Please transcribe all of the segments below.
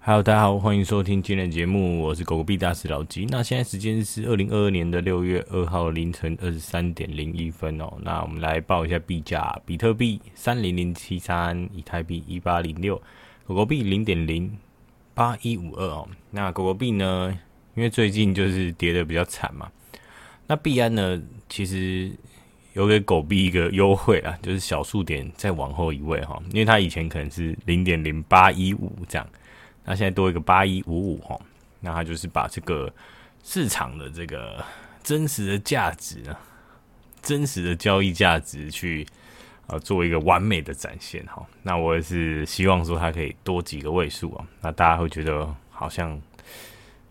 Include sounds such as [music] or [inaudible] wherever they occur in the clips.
哈嘍，Hello, 大家好，歡迎收聽今天的節目，我是狗狗幣大師老吉。那現在時間是二零二二年的六月二號凌晨二十三點零一分哦、喔。那我們來報一下幣價：比特幣三零零七三，以太幣一八零六，狗狗幣零點零八一五二哦。那狗狗幣呢？因為最近就是跌得比較慘嘛。那幣安呢，其實有給狗幣一個優惠啊，就是小數點再往後一位哈、喔，因為它以前可能是零點零八一五這樣。那現在多一個八一五五哈，那他就是把這個市場的這個真實的價值，真實的交易價值去啊做一個完美的展現哈。那我也是希望說它可以多幾個位數啊，那大家會覺得好像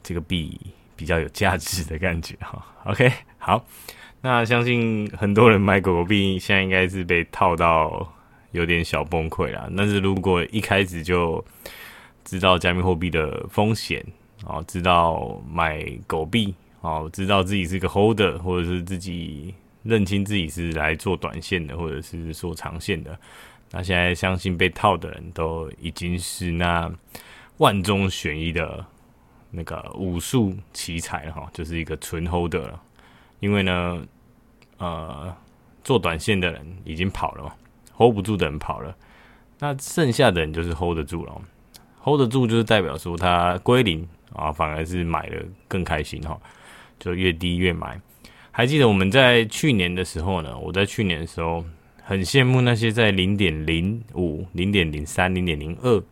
這個幣比，比較有價值的感覺哈。OK，好，那相信很多人買狗狗幣現在應該是被套到有點小崩潰了，但是如果一開始就知道加密貨幣的風險啊，知道買狗幣啊，知道自己是一個 holder，或者是自己認清自己是來做短線的，或者是做長線的。那現在相信被套的人都已經是那萬中選一的那個武術奇才了哈，就是一個純 holder 了。因為呢，呃，做短線的人已經跑了，hold 不住的人跑了，那剩下的人就是 hold 得住了。hold 得住就是代表說它歸零啊，反而是買的更開心哈，就越低越買。還記得我們在去年的時候呢，我在去年的時候很羨慕那些在零點零五、零點零三、零點零二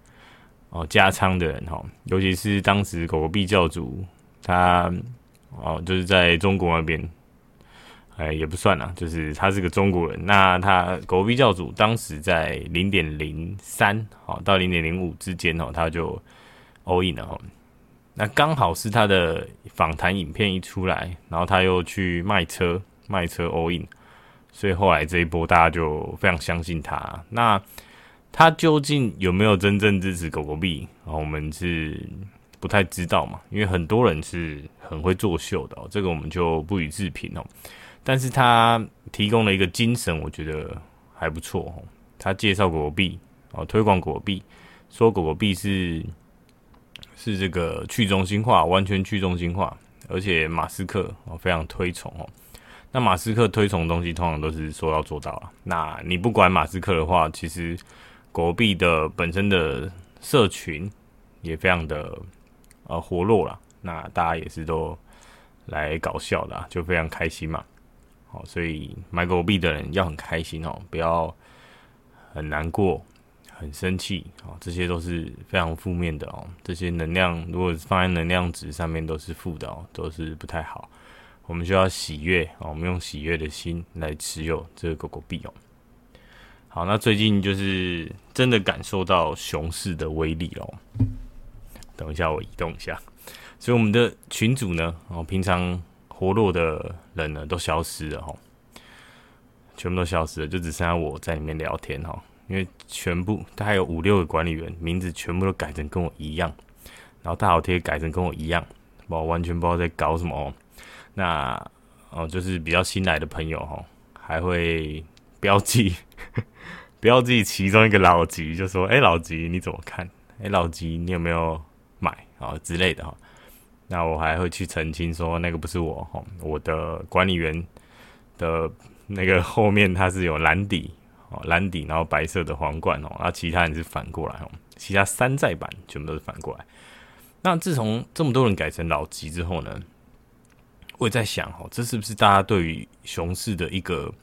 哦加倉的人哈，尤其是當時狗狗幣教主他哦，就是在中國那邊，哎、欸，也不算啦，就是他是個中國人。那他狗幣教主當時在零點零三哦，到零點零五之間哦、喔，他就 all in 了哦、喔。那剛好是他的訪談影片一出來，然後他又去賣車賣車 all in，所以後來這一波大家就非常相信他。那他究竟有沒有真正支持狗狗幣、喔？我們是不太知道嘛，因為很多人是很會作秀的、喔，這個我們就不予置評哦、喔。但是他提供了一個精神，我覺得還不錯哦。他介紹狗狗幣哦，推廣狗幣，說狗狗幣是是這個去中心化，完全去中心化，而且馬斯克哦非常推崇哦。那馬斯克推崇的東西，通常都是說到做到啊。那你不管馬斯克的話，其實狗幣的本身的社群也非常的呃活絡啦。那大家也是都來搞笑的啦，就非常開心嘛。好、哦，所以買狗幣的人要很開心哦，不要很難過、很生氣哦，這些都是非常負面的哦。這些能量如果放在能量值上面都是負的哦，都是不太好。我們需要喜悅、哦、我們用喜悅的心來持有這個狗狗幣哦。好，那最近就是真的感受到熊市的威力哦。等一下，我移動一下。所以我們的群主呢，哦，平常，活絡的人呢，都消失了哈，全部都消失了，就只剩下我在裡面聊天哈。因為全部，他還有五六個管理員，名字全部都改成跟我一樣，然後大頭貼改成跟我一樣，我完全不知道在搞什麼哦。那哦，就是比較新來的朋友哈，還會標記呵呵，標記其中一個老吉，就說：“哎、欸，老吉你怎麼看？哎、欸，老吉你有沒有買啊、哦、之類的哈。”那我還會去澄清說，那個不是我哦，我的管理員的那個後面他是有藍底哦，藍底，然後白色的皇冠哦，那其他人是反過來哦，其他山寨版全部都是反過來。那自從這麼多人改成老吉之後呢，我也在想哦，這是不是大家對於熊市的一個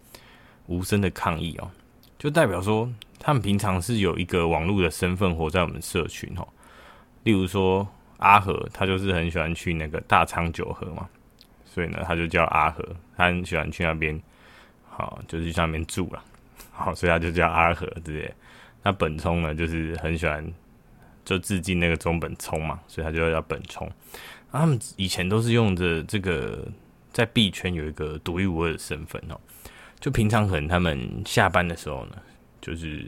無聲的抗議哦？就代表說，他們平常是有一個網絡的身份活在我們社群哦，例如說。阿和他就是很喜歡去那個大昌九河嘛，所以呢，他就叫阿和。他很喜歡去那邊，好，就是去那邊住啦。好，所以他就叫阿和之類的。那本聰呢，就是很喜歡就致敬那個中本聰嘛，所以他就要叫本聰。他們以前都是用着這個，在 B 圈，有一個獨一無二的身份哦。就平常可能他們下班的時候呢，就是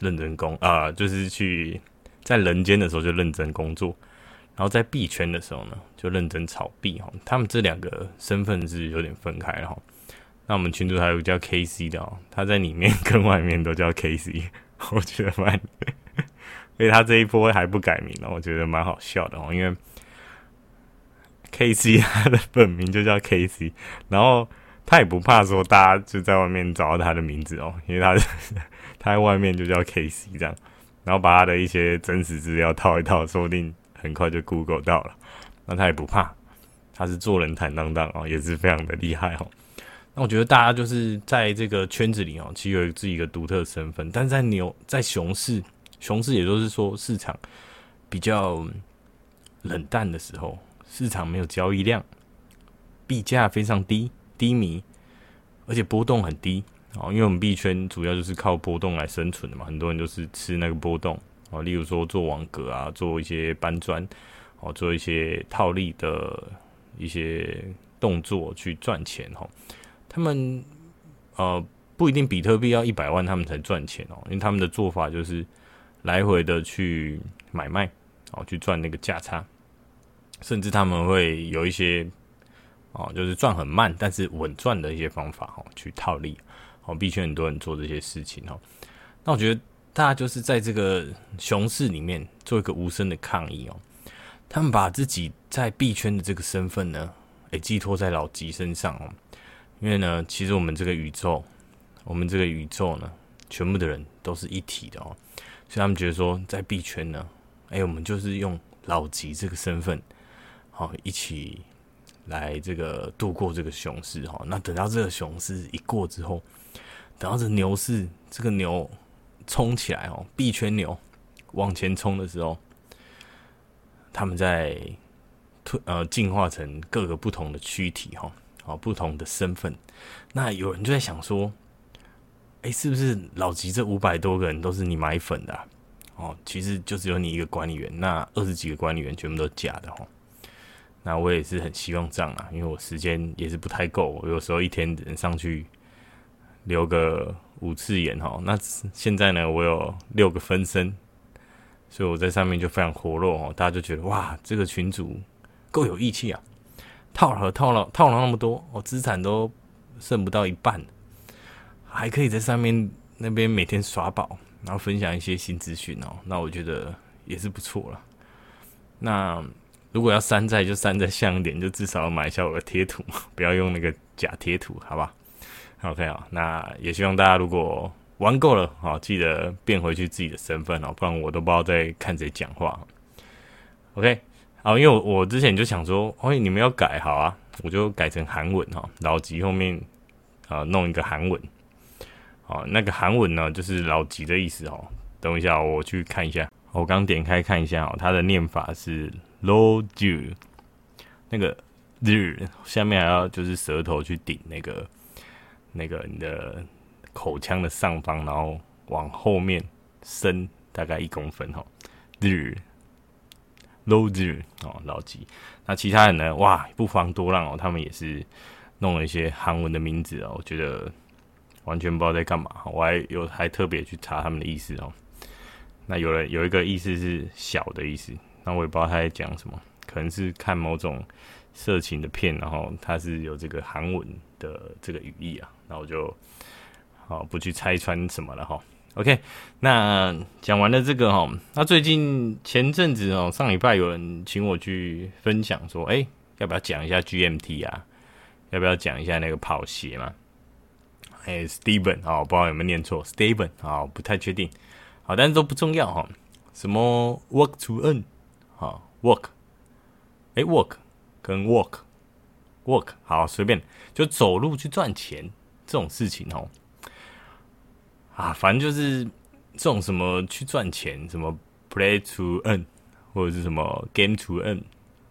認真工啊、呃，就是去在人間的時候就認真工作。然後在 B 圈的時候呢，就認真炒幣哦。他們這兩個身份是有點分開了哈。那我們群主還有個叫 KC 的哦，他在裡面跟外面都叫 KC，我覺得蠻， [laughs] 所以他這一波還不改名了，我覺得蠻好笑的哦。因為 KC 他的本名就叫 KC，然後他也不怕說大家就在外面找到他的名字哦、喔，因為他他在外面就叫 KC 這樣，然後把他的一些真實資料套一套，說不定。很快就 Google 到了，那他也不怕，他是做人坦蕩蕩啊，也是非常的厲害哦。那我覺得大家就是在這個圈子裡哦，其實有自己一個獨特的身份。但是在牛在熊市，熊市也就是說市場比較冷淡的時候，市場沒有交易量，幣價非常低，低迷，而且波動很低哦。因為我們幣圈主要就是靠波動來生存的嘛，很多人就是吃那個波動。例如說做網格啊，做一些搬磚，哦，做一些套利的一些動作去賺錢哦，他們呃不一定比特幣要一百萬他們才賺錢哦，因為他們的做法就是來回的去買賣，哦，去賺那個價差，甚至他們會有一些哦，就是賺很慢但是穩賺的一些方法，哦，去套利，哦，必須很多人做這些事情哦，那我覺得。大家就是在這個熊市裡面做一個無聲的抗議哦。他們把自己在幣圈的這個身份呢，也、欸、寄托在老吉身上哦。因為呢，其實我們這個宇宙，我們這個宇宙呢，全部的人都是一體的哦。所以他們覺得說，在幣圈呢，哎、欸，我們就是用老吉這個身份，好，一起來這個度過這個熊市哈、哦。那等到這個熊市一過之後，等到這牛市，這個牛。衝起來哦！幣圈牛往前衝的時候，他們在退呃進化成各個不同的軀體哈、哦，好、哦、不同的身份。那有人就在想說，哎、欸，是不是老吉這五百多個人都是你買粉的、啊？哦，其實就只有你一個管理員，那二十幾個管理員全部都假的哦。那我也是很希望這樣啊，因為我時間也是不太夠，我有時候一天只能上去。留個五次元哈，那現在呢，我有六個分身，所以我在上面就非常活絡哦。大家就覺得哇，這個群主夠有義氣啊，套了套了套了那麼多，我資產都剩不到一半，還可以在上面那邊每天耍寶，然後分享一些新資訊哦。那我覺得也是不錯了。那如果要山寨就山寨像一點，就至少買一下我的貼圖，不要用那個假貼圖，好吧？OK，好，那也希望大家如果玩夠了，好，記得變回去自己的身份哦，不然我都不知道在看誰講話。OK，啊，因為我我之前就想說，哎，你們要改好啊，我就改成韓文哈，老吉後面啊、呃、弄一個韓文。好，那個韓文呢就是老吉的意思哦。等一下我去看一下，我剛點開看一下，哦，他的念法是 low due，那個日下面還要就是舌頭去頂那個。那個你的口腔的上方，然後往後面伸大概一公分哈，日，low 日哦老吉。那其他人呢？哇，不妨多讓哦，他們也是弄了一些韓文的名字哦，我覺得完全不知道在幹嘛。我還有還特別去查他們的意思哦。那有了有一個意思是小的意思，那我也不知道他在講什麼，可能是看某種色情的片，然後他是有這個韓文。的這個語義啊，那我就好、哦、不去拆穿什麼了哈。OK，那講完了這個哈，那、啊、最近前陣子哦，上禮拜有人請我去分享說，誒、欸，要不要講一下 GMT 啊？要不要講一下那個跑鞋嘛？誒 Steven 好，Steven，哦、不知道有沒有念錯，Steven，好，不太確定，好，但是都不重要哈。什麼 work to earn，好，work，誒、欸、work 跟 work。Work 好，隨便，就走路去賺錢這種事情哦，啊，反正就是這種什麼去賺錢，什麼 play to earn 或者是什麼 game to earn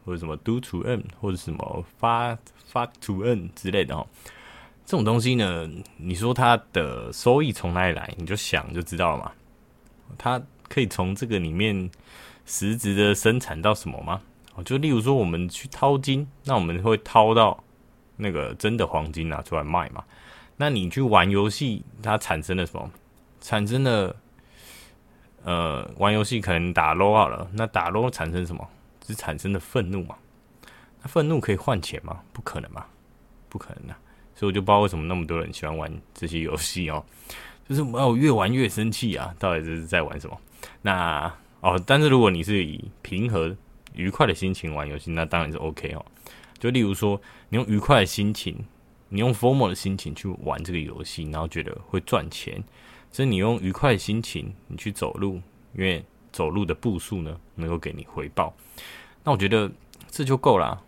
或者什麼 do to earn 或者是什麼 fuck fuck to earn 之類的哦，這種東西呢，你說它的收益從哪裡來，你就想就知道了嘛。它可以從這個裡面實質的生產到什麼嗎？哦，就例如說，我們去掏金，那我們會掏到那個真的黃金拿出來賣嘛？那你去玩遊戲，它產生了什麼？產生了呃，玩遊戲可能打 low out 了，那打 low 產生什麼？是產生的憤怒嘛？那憤怒可以換錢嗎？不可能嘛，不可能的啊。所以我就不知道為什麼那麼多人喜歡玩這些遊戲哦，就是哦，越玩越生氣啊！到底這是在玩什麼？那哦，但是如果你是以平和。愉快的心情玩遊戲，那當然是 OK 哦、喔。就例如說，你用愉快的心情，你用 FOMO 的心情去玩這個遊戲，然後覺得會賺錢，所以你用愉快的心情你去走路，因為走路的步數呢能夠給你回報。那我覺得這就夠了，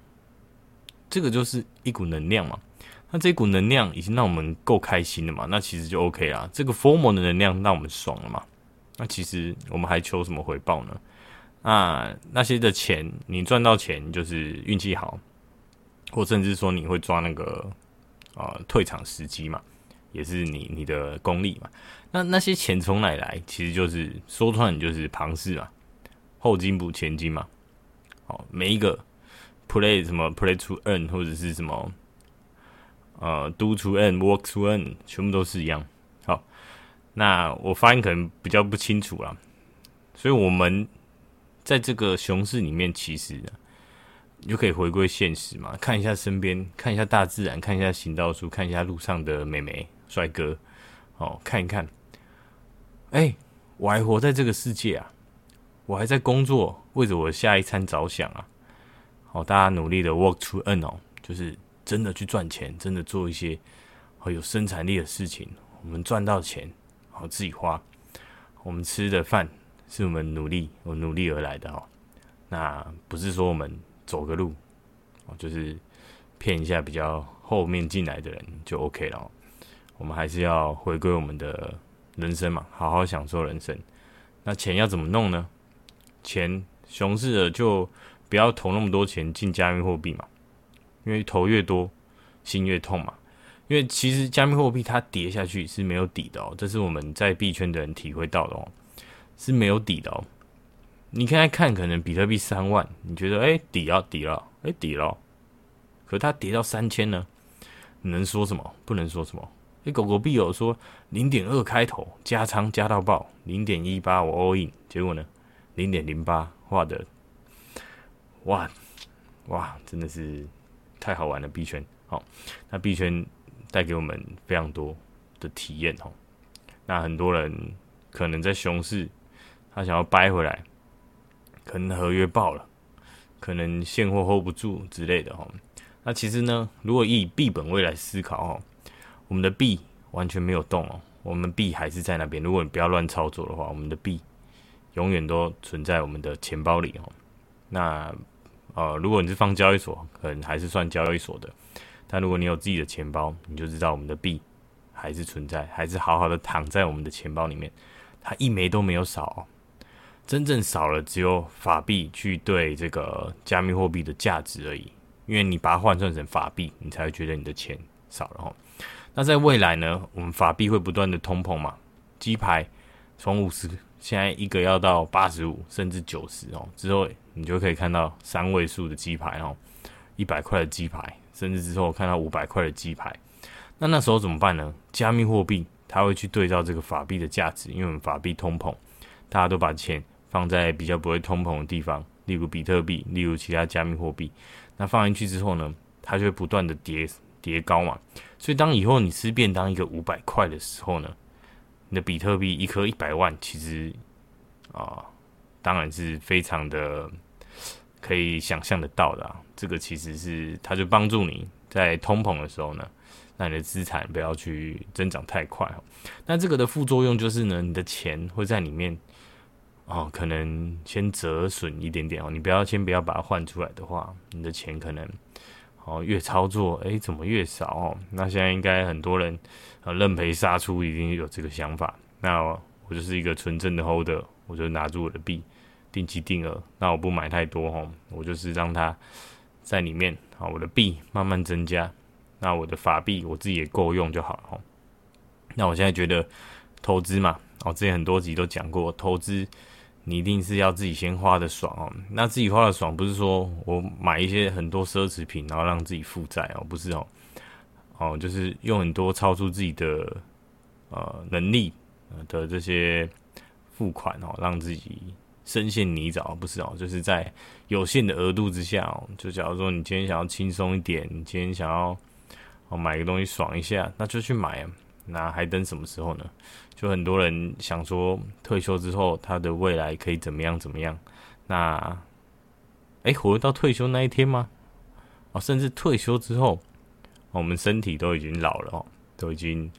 這個就是一股能量嘛。那這股能量已經讓我們夠開心了嘛，那其實就 OK 啦。這個 FOMO 的能量讓我們爽了嘛，那其實我們還求什麼回報呢？那那些的錢，你賺到錢就是運氣好，或甚至說你會抓那個啊、呃、退場時機嘛，也是你你的功力嘛。那那些錢從哪來？其實就是說穿，你就是龐氏嘛，後金補前金嘛。好，每一個 play 什麼 play to earn 或者是什麼呃 do to earn work to earn，全部都是一樣。好，那我發音可能比較不清楚啦，所以我們。在這個熊市裡面，其實你就可以回歸現實嘛，看一下身邊，看一下大自然，看一下行道樹，看一下路上的美眉、帥哥，哦，看一看，哎、欸，我還活在這個世界啊，我還在工作，為着我下一餐着想啊。好、哦，大家努力的 work to earn 哦，就是真的去賺錢，真的做一些好有生產力的事情，我們賺到錢，好、哦，自己花，我們吃的飯。是我們努力，我努力而來的哦。那不是說我們走個路，就是騙一下比較後面進來的人就 OK 了喔。我們還是要回歸我們的人生嘛，好好享受人生。那錢要怎麼弄呢？錢熊市的就不要投那麼多錢進加密貨幣嘛，因為投越多心越痛嘛。因為其實加密貨幣它跌下去是沒有底的哦，這是我們在幣圈的人體會到的哦。是沒有底的、喔，你現在看可能比特幣三萬，你覺得哎、欸、底了底了哎、欸、底了，可它跌到三千呢，你能說什麼？不能說什麼？哎、欸，狗狗幣有說零點二開頭加倉加到爆，零點一八我 all in，結果呢零點零八畫的，哇哇真的是太好玩了！幣圈好，那幣圈帶給我們非常多的體驗哦、喔。那很多人可能在熊市。他想要掰回來，可能合約爆了，可能現貨 hold 不住之類的哈、喔。那其實呢，如果以幣本位來思考哈、喔，我們的幣完全沒有動哦、喔，我們的幣還是在那邊。如果你不要亂操作的話，我們的幣永遠都存在我們的錢包裡哦、喔，那呃，如果你是放交易所，可能還是算交易所的。但如果你有自己的錢包，你就知道我們的幣還是存在，還是好好的躺在我們的錢包裡面，它一枚都沒有少、喔。真正少了只有法幣去對這個加密貨幣的價值而已，因為你把它換算成法幣，你才會覺得你的錢少了。哦，那在未來呢，我們法幣會不斷的通膨嘛。雞排從五十現在一個要到八十五甚至九十哦，之後你就可以看到三位數的雞排哦，一百塊的雞排，甚至之後看到五百塊的雞排。那那時候怎麼辦呢？加密貨幣它會去對照這個法幣的價值，因為我們法幣通膨，大家都把錢放在比較不會通膨的地方，例如比特幣，例如其他加密貨幣。那放進去之後呢，它就會不斷的疊疊高嘛。所以當以後你吃便當一個五百塊的時候呢，你的比特幣一顆一百萬，其實啊、哦，當然是非常的可以想象得到的、啊。這個其實是它就幫助你在通膨的時候呢，讓你的資產不要去增長太快。那這個的副作用就是呢，你的錢會在裡面。哦，可能先折損一點點哦。你不要先不要把它換出來的話，你的錢可能哦越操作，誒，怎麼越少哦？那現在應該很多人啊認賠殺出，已經有這個想法。那我就是一個純正的 holder，我就拿住我的幣，定期定額。那我不買太多哦，我就是讓它在裡面，好，我的幣慢慢增加。那我的法幣我自己也夠用就好了哦。那我現在覺得投資嘛，哦，之前很多集都講過投資。你一定是要自己先花的爽哦，那自己花的爽不是說我買一些很多奢侈品，然後讓自己負債哦，不是哦，哦就是用很多超出自己的呃能力的這些付款哦，讓自己深陷泥沼，不是哦，就是在有限的額度之下哦，就假如說你今天想要輕鬆一點，你今天想要哦買個東西爽一下，那就去買啊。那還等什麼時候呢？就很多人想說，退休之後他的未來可以怎麼樣怎麼樣？那，哎、欸，活到退休那一天嗎？哦，甚至退休之後，我們身體都已經老了哦，都已經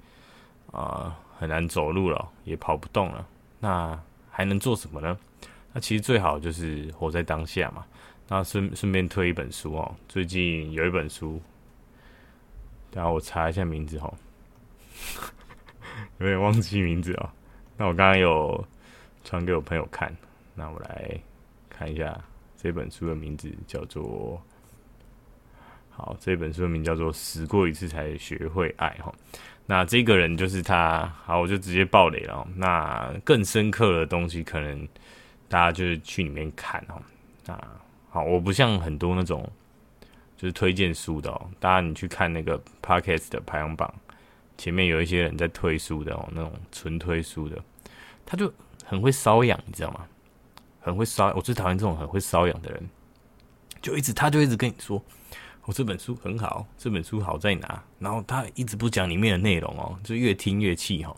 啊、呃、很難走路了，也跑不動了。那還能做什麼呢？那其實最好就是活在當下嘛。那順順便推一本書哦，最近有一本書，等下我查一下名字哦。 [laughs] 有點忘記名字哦、喔。那我剛剛有傳給我朋友看,那我來看一下這本書的名字，叫做《好》。這本書的名字叫做《死過一次才學會愛》喔，那這個人就是他，好，我就直接爆雷了、喔。那更深刻的東西，可能大家就是去裡面看哦、喔。那好，我不像很多那種就是推薦書的、喔，大家你去看那個 Podcast 的排行榜。前面有一些人在推書的哦，那種，純推書的，他就很會搔癢，你知道嗎？很會搔。我最討厭這種很會搔癢的人，就一直他就一直跟你說，我這本書很好，這本書好在哪？然後他一直不講裡面的內容哦，就越聽越氣吼。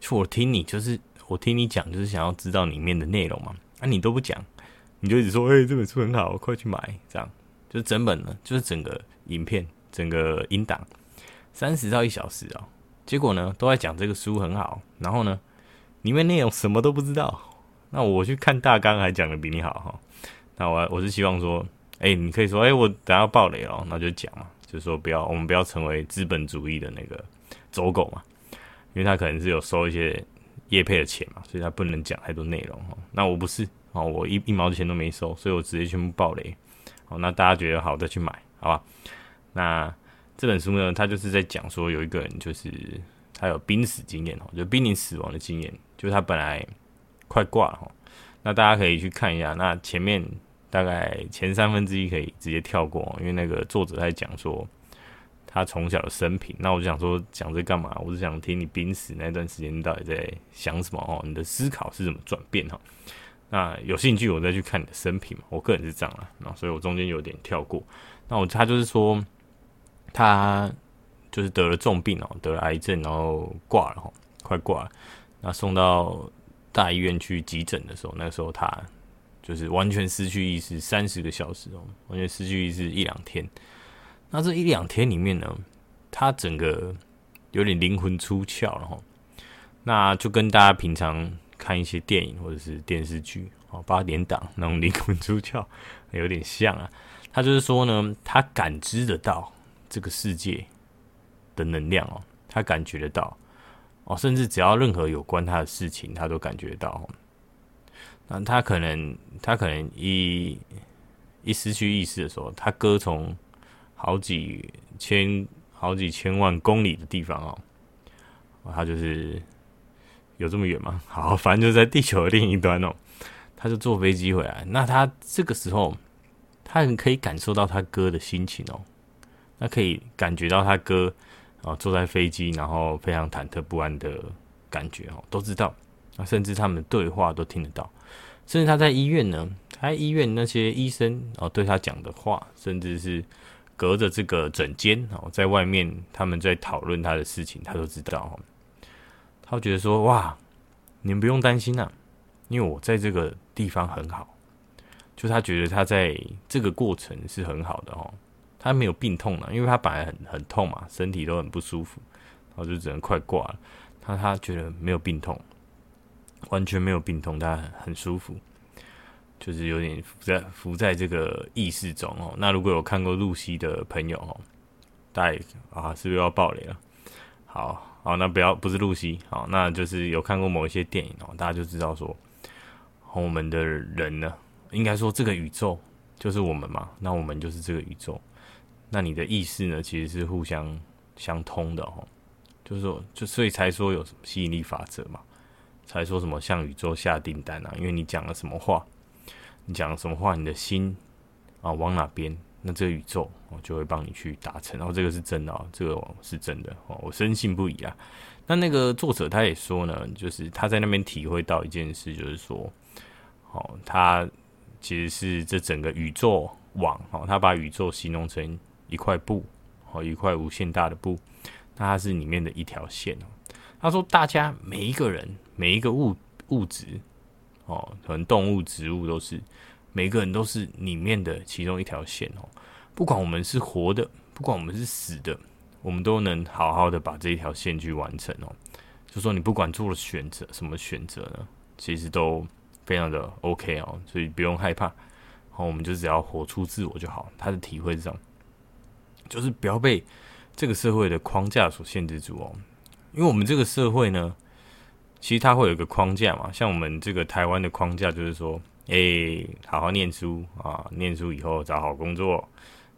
就我聽你就是我聽你講，就是想要知道裡面的內容嘛。啊你都不講，你就一直說，欸，這本書很好，快去買這樣，就是整本的，就是整個影片，整個音檔。三十到一小時啊、喔，結果呢，都在講這個書很好，然後呢，裡面內容什麼都不知道。那我去看大綱，還講的比你好哈、喔。那我我是希望說，誒、欸，你可以說，誒、欸，我等下要爆雷哦。那就講嘛，就是說不要，我們不要成為資本主義的那個走狗嘛，因為他可能是有收一些業配的錢嘛，所以他不能講太多內容哈、喔。那我不是哦、喔，我一一毛錢都沒收，所以我直接全部爆雷。好，那大家覺得好再去買，好吧？那。這本書呢，他就是在講說，有一個人就是他有瀕死經驗哦，就瀕臨死亡的經驗，就是他本來快掛了哈。那大家可以去看一下，那前面大概前三分之一可以直接跳過，因為那個作者在講說他從小的生平。那我就想說，講這幹嘛？我是想聽你瀕死那段時間到底在想什麼哦，你的思考是怎麼轉變哈。那有興趣我再去看你的生平，我個人是這樣啦、啊。那所以我中間有點跳過。那我他就是說。他就是得了重病哦，得了癌症，然後掛了哦，快掛了。那送到大醫院去急診的時候，那個、時候他就是完全失去意識，三十個小時哦，完全失去意識一兩天。那這一兩天裡面呢，他整個有點靈魂出竅了哦，然後那就跟大家平常看一些電影或者是電視劇、哦、八點檔那種靈魂出竅有點像啊。他就是說呢，他感知得到。這個世界的能量哦，他感覺得到哦，甚至只要任何有關他的事情，他都感覺得到哦。那他可能，他可能一一失去意識的時候，他哥從好幾千、好幾千萬公里的地方哦，哦他就是有這麼遠嗎？好，反正就在地球的另一端哦。他就坐飛機回來，那他這個時候，他很可以感受到他哥的心情哦。他可以感覺到他哥哦，坐在飛機，然後非常忐忑不安的感覺哦，都知道。那，啊，甚至他們的對話都聽得到，甚至他在醫院呢，他在醫院那些醫生哦對他講的話，甚至是隔着這個診間哦，在外面他們在討論他的事情，他都知道。哦，他覺得說哇，你們不用擔心啊，因為我在這個地方很好，就他覺得他在這個過程是很好的哦。他沒有病痛了啊，因為他本來很很痛嘛，身體都很不舒服，然後就只能快掛了。他他覺得沒有病痛，完全沒有病痛，他很舒服，就是有點浮在浮在這個意識中哦。那如果有看過露西的朋友哦，大家也啊是不是又要暴雷了？好，好，那不要不是露西，好，那就是有看過某一些電影哦，大家就知道說，我們的人呢，應該說這個宇宙就是我們嘛，那我們就是這個宇宙。那你的意識呢，其實是互相相通的哦、喔，就是說，就所以才說有什麼吸引力法則嘛，才說什麼向宇宙下訂單啊，因為你講了什麼話，你講了什麼話，你的心啊往哪邊，那這個宇宙我、啊、就會幫你去達成，然、啊、後、這個喔、這個是真的哦，這個是真的哦，我深信不疑啊。那那個作者他也說呢，就是他在那邊體會到一件事，就是說，哦、啊，他其實是這整個宇宙網哦、啊，他把宇宙形容成，一塊布，哦，一塊無限大的布，那它是裡面的一條線哦。他說：“大家每一個人，每一個物物質，哦，可能動物、植物都是，每個人都是裡面的其中一條線哦。不管我們是活的，不管我們是死的，我們都能好好的把這一條線去完成哦。就說你不管做了選擇，什麼選擇呢？其實都非常的 OK 哦，所以不用害怕。好，我們就只要活出自我就好。”他的體會是這樣。就是不要被這個社會的框架所限制住哦，因為我們這個社會呢，其實它會有一個框架嘛，像我們這個台灣的框架就是說，誒、欸，好好念書啊，念書以後找好工作，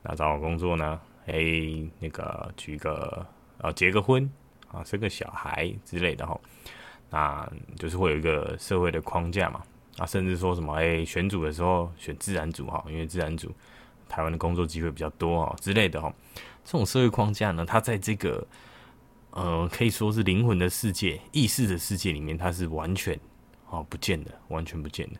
那找好工作呢，誒、欸，那個娶個呃、啊，結個婚啊，生個小孩之類的哈、哦，那就是會有一個社會的框架嘛，啊，甚至說什麼誒、欸，選組的時候選自然組哈，因為自然組。台灣的工作機會比較多哦之類的哈、哦，這種社會框架呢，他在這個呃可以說是靈魂的世界、意識的世界裡面，他是完全哦不見的，完全不見的。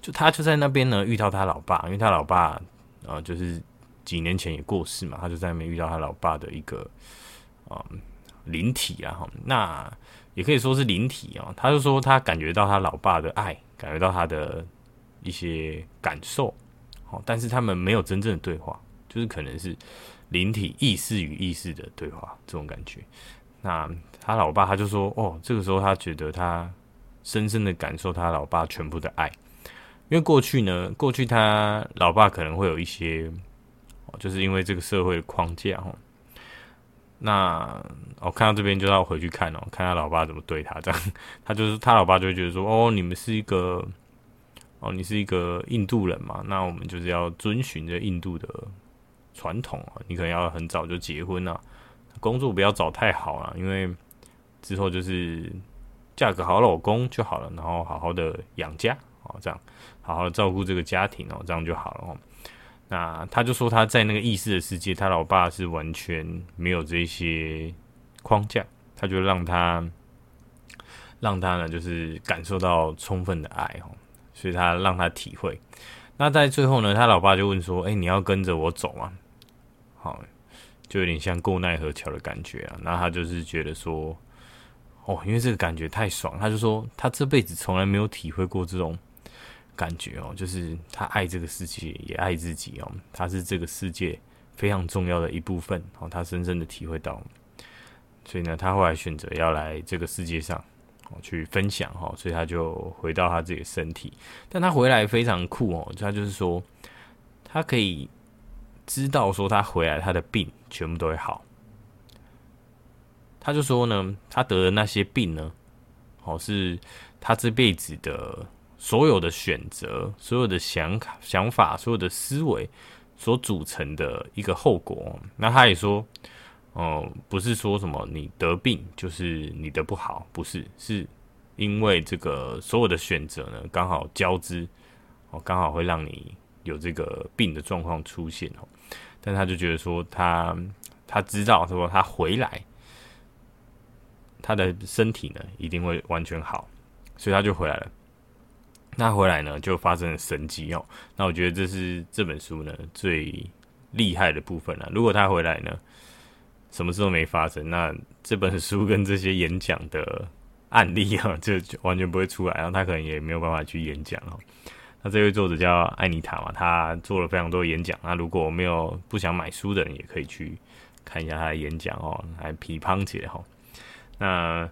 就他就在那邊呢遇到他老爸，因為他老爸啊、呃、就是幾年前也過世嘛，他就在那邊遇到他老爸的一個啊靈體啊哈、哦，那也可以說是靈體啊、哦，他就說他感覺到他老爸的愛，感覺到他的一些感受。但是他們沒有真正的對話，就是可能是靈體意識與意識的對話這種感覺。那他老爸他就說，哦，這個時候他覺得他深深的感受他老爸全部的愛，因為過去呢，過去他老爸可能會有一些就是因為這個社會的框架哦，那我、哦、看到這邊就要回去看哦，看，看他老爸怎麼對他這樣，他就是他老爸就會覺得說，哦，你們是一個。哦，你是一個印度人嘛？那我們就是要遵循着印度的傳統啊、哦。你可能要很早就結婚了、啊，工作不要找太好了、啊，因為之後就是嫁個好老公就好了，然後好好的養家哦，這樣好好的照顧這個家庭哦，這樣就好了哦。那他就說他在那個意識的世界，他老爸是完全沒有這些框架，他就讓他，讓他呢，就是感受到充分的愛哦。所以他讓他體會。那在最後呢，他老爸就問說：“哎、欸，你要跟着我走嗎？”好，就有點像過奈何橋的感覺啊。那他就是覺得說：“哦，因為這個感覺太爽，他就說他這輩子從來沒有體會過這種感覺哦，就是他愛這個世界，也愛自己哦，他是這個世界非常重要的一部分哦，他深深的體會到。所以呢，他後來選擇要來這個世界上。去分享哈，所以他就回到他自己的身體，但他回來非常酷哦，他就是說，他可以知道說他回來，他的病全部都會好。他就說呢，他得的那些病呢，哦，是他這輩子的所有的選擇、所有的想想法、所有的思維所組成的一個後果。那他也說。哦，不是說什麼你得病就是你的不好，不是，是因為這個所有的選擇呢，剛好交織，哦，剛好會讓你有這個病的狀況出現哦。但他就覺得說他他知道說他回來，他的身體呢，一定會完全好，所以他就回來了。那回來呢，就發生了神跡哦。那我覺得這是這本書呢最厲害的部分了。如果他回來呢，什麼事都沒發生，那這本書跟這些演講的案例啊，就完全不會出來，然後他可能也沒有辦法去演講哦。那這位作者叫艾妮塔嘛，他做了非常多演講。那如果沒有不想買書的人，也可以去看一下他的演講哦，還匹匹起來批判解哈。那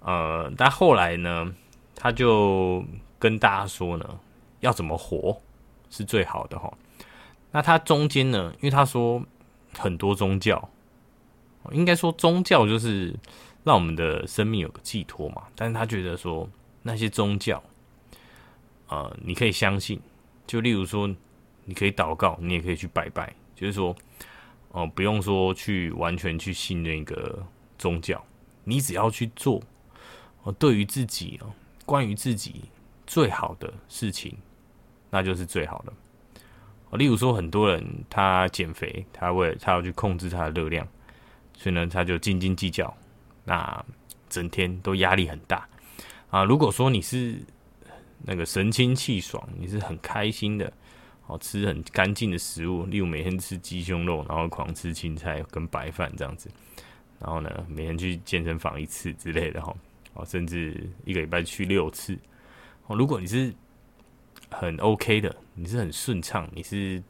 呃，但後來呢，他就跟大家說呢，要怎麼活是最好的哈。那他中間呢，因為他說很多宗教。應該說，宗教就是讓我們的生命有個寄托嘛。但是他覺得說，那些宗教，呃，你可以相信，就例如說，你可以禱告，你也可以去拜拜，就是說，哦、呃，不用說去完全去信那個宗教，你只要去做，哦、呃，對於自己哦、呃，關於自己最好的事情，那就是最好的。呃、例如說，很多人他減肥，他為了他要去控制他的熱量。所以呢，他就斤斤計較，那整天都壓力很大啊。如果說你是那個神清氣爽，你是很開心的，好吃很乾淨的食物，例如每天吃雞胸肉，然後狂吃青菜跟白飯這樣子，然後呢，每天去健身房一次之類的，哈，哦，甚至一個禮拜去六次。哦、啊，如果你是很 OK 的，你是很順暢，你是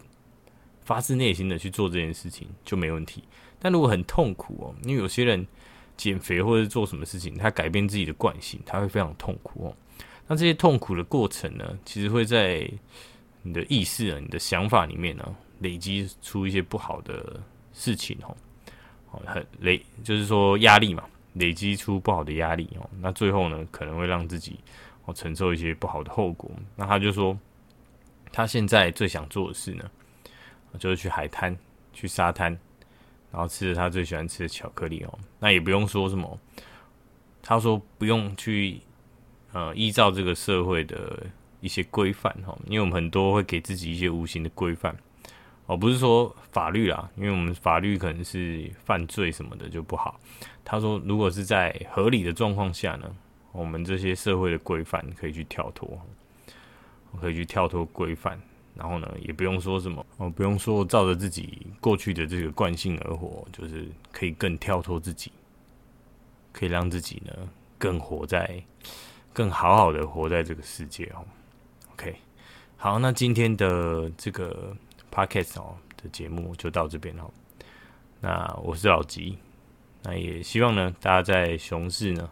發自內心的去做這件事情，就沒問題。但如果很痛苦哦，因為有些人減肥或者做什麼事情，他改變自己的慣性，他會非常痛苦哦。那這些痛苦的過程呢，其實會在你的意識啊、你的想法裡面呢、啊，累積出一些不好的事情哦。哦，很累，就是說壓力嘛，累積出不好的壓力哦。那最後呢，可能會讓自己哦承受一些不好的後果。那他就說，他現在最想做的事呢，就是去海灘，去沙灘。然後吃着他最喜歡吃的巧克力哦，那也不用說什麼。他說不用去呃依照這個社會的一些規範哈、哦，因為我們很多會給自己一些無形的規範哦，不是說法律啦，因為我們法律可能是犯罪什麼的就不好。他說如果是在合理的狀況下呢，我們這些社會的規範可以去跳脫，可以去跳脫規範。然後呢，也不用說什麼哦，不用說照着自己過去的這個慣性而活，就是可以更跳脫自己，可以讓自己呢更活在更好好的活在這個世界哦。OK，好，那今天的這個 Podcast 哦的節目就到這邊哦。那我是老吉，那也希望呢大家在熊市呢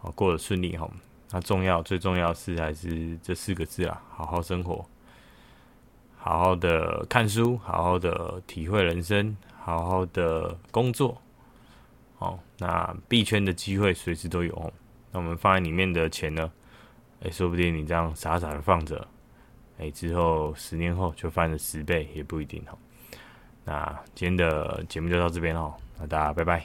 哦過得順利哈哦。那重要最重要的是還是這四個字啊，好好生活。好好的看書，好好的體會人生，好好的工作。哦，那幣圈的機會隨時都有。那我們放在裡面的錢呢？哎、欸，說不定你這樣傻傻的放着，哎、欸，之後十年後就翻了十倍也不一定哈。那今天的節目就到這邊哦，那大家拜拜。